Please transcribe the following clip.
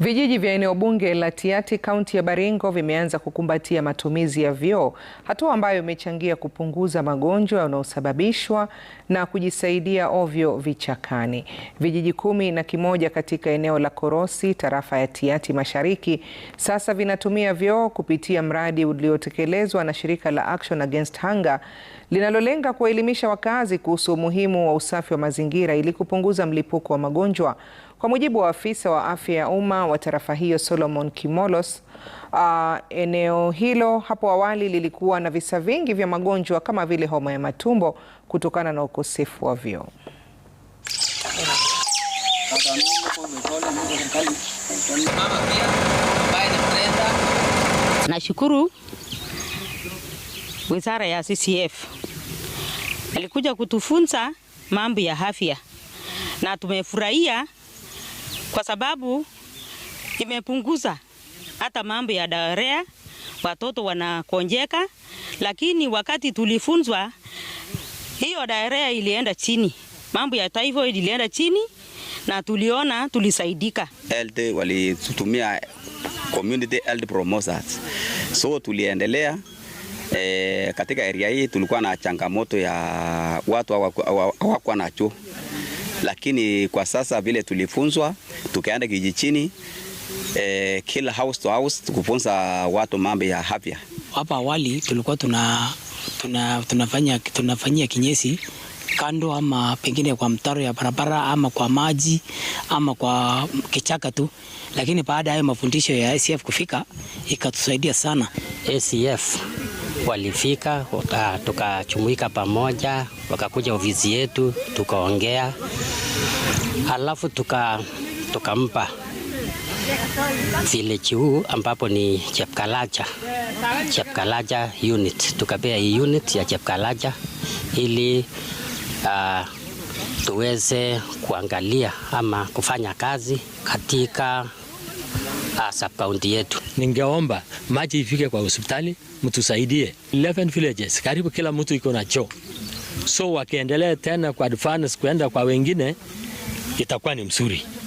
Vijiji vya eneo bunge la Tiaty kaunti ya Baringo vimeanza kukumbatia matumizi ya vyoo, hatua ambayo imechangia kupunguza magonjwa yanayosababishwa na kujisaidia ovyo vichakani. Vijiji kumi na kimoja katika eneo la Korosi, tarafa ya Tiaty Mashariki, sasa vinatumia vyoo kupitia mradi uliotekelezwa na shirika la Action Against Hunger linalolenga kuwaelimisha wakazi kuhusu umuhimu wa usafi wa mazingira ili kupunguza mlipuko wa magonjwa. Kwa mujibu wa afisa wa afya ya umma wa tarafa hiyo Solomon Kimolos, uh, eneo hilo hapo awali lilikuwa na visa vingi vya magonjwa kama vile homa ya matumbo kutokana na ukosefu wa vyoo. Nashukuru wizara ya CCF alikuja kutufunza mambo ya afya na tumefurahia kwa sababu imepunguza hata mambo ya darea watoto wanakonjeka. Lakini wakati tulifunzwa, hiyo darea ilienda chini, mambo ya typhoid ilienda chini, na tuliona tulisaidika. Health walitumia community health promoters, so tuliendelea E, katika area hii tulikuwa na changamoto ya watu hawakuwa na choo, lakini kwa sasa vile tulifunzwa tukaenda chini eh, kila house to house kufunza watu mambo ya afya. Hapa awali tulikuwa tuna, tuna, tunafanya, tunafanyia kinyesi kando ama pengine kwa mtaro ya barabara ama kwa maji ama kwa kichaka tu, lakini baada ya mafundisho ya ACF kufika ikatusaidia sana. ACF walifika tukachumuika pamoja, wakakuja ofisi yetu tukaongea, alafu tuka tukampa village huu ambapo ni chepkalaja chepkalaja unit, tukapea hii unit ya Chepkalacha ili uh, tuweze kuangalia ama kufanya kazi katika uh, ah, subkaunti yetu. Ningeomba maji ifike kwa hospitali, mtusaidie 11 villages, karibu kila mtu iko na choo, so wakiendelea tena kwa advance kwenda kwa wengine itakuwa ni mzuri.